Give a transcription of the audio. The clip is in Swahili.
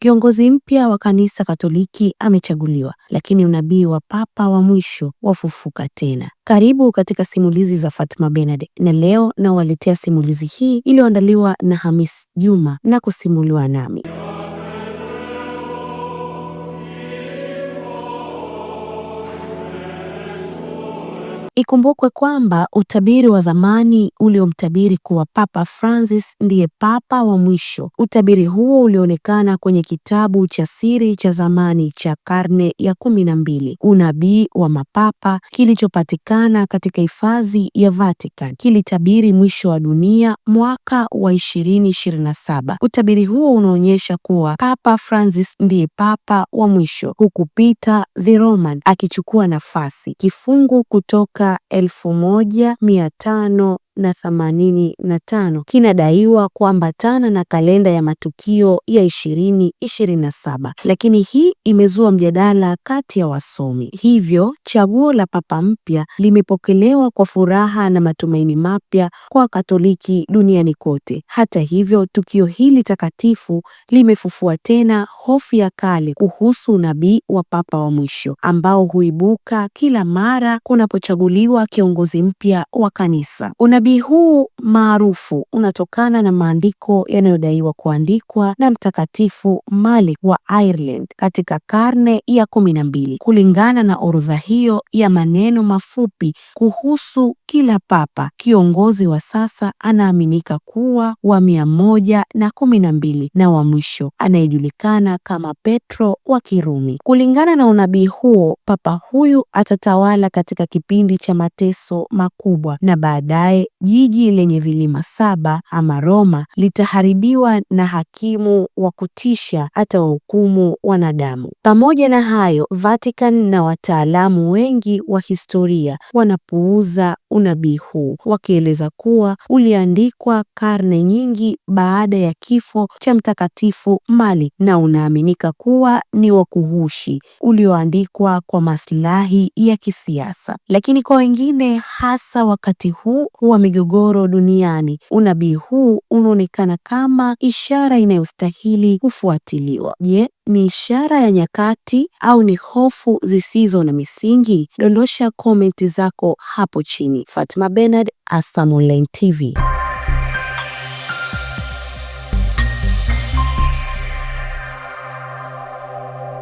Kiongozi mpya wa Kanisa Katoliki amechaguliwa, lakini unabii wa papa wa mwisho wafufuka tena. Karibu katika simulizi za Fatma Benard, na leo nawaletea simulizi hii iliyoandaliwa na Hamis Juma na kusimuliwa nami. Ikumbukwe kwamba utabiri wa zamani uliomtabiri kuwa Papa Francis ndiye papa wa mwisho. Utabiri huo ulionekana kwenye kitabu cha siri cha zamani cha karne ya kumi na mbili, Unabii wa Mapapa, kilichopatikana katika hifadhi ya Vatican. Kilitabiri mwisho wa dunia mwaka wa 2027. Utabiri huo unaonyesha kuwa Papa Francis ndiye papa wa mwisho, huku Peter the Roman akichukua nafasi. Kifungu kutoka el Fumoya miatano na themanini na tano kinadaiwa kuambatana na kalenda ya matukio ya ishirini ishirini na saba lakini hii imezua mjadala kati ya wasomi. Hivyo chaguo la papa mpya limepokelewa kwa furaha na matumaini mapya kwa Wakatoliki duniani kote. Hata hivyo, tukio hili takatifu limefufua tena hofu ya kale kuhusu unabii wa papa wa mwisho ambao huibuka kila mara kunapochaguliwa kiongozi mpya wa kanisa. Unabii Unabii huu maarufu unatokana na maandiko yanayodaiwa kuandikwa na Mtakatifu Malik wa Ireland katika karne ya kumi na mbili. Kulingana na orodha hiyo ya maneno mafupi kuhusu kila papa, kiongozi wa sasa anaaminika kuwa wa mia moja na kumi na mbili na wa mwisho anayejulikana kama Petro wa Kirumi. Kulingana na unabii huo, papa huyu atatawala katika kipindi cha mateso makubwa na baadaye jiji lenye vilima saba ama Roma litaharibiwa na hakimu wa kutisha hata wahukumu wanadamu. Pamoja na hayo, Vatican na wataalamu wengi wa historia wanapuuza unabii huu, wakieleza kuwa uliandikwa karne nyingi baada ya kifo cha Mtakatifu mali na unaaminika kuwa ni wa kuhushi ulioandikwa kwa maslahi ya kisiasa. Lakini kwa wengine, hasa wakati huu, huwa migogoro duniani. Unabii huu unaonekana kama ishara inayostahili kufuatiliwa. Je, ni ishara ya nyakati au ni hofu zisizo na misingi? Dondosha komenti zako hapo chini. Fatma Bernard, Asam Online TV.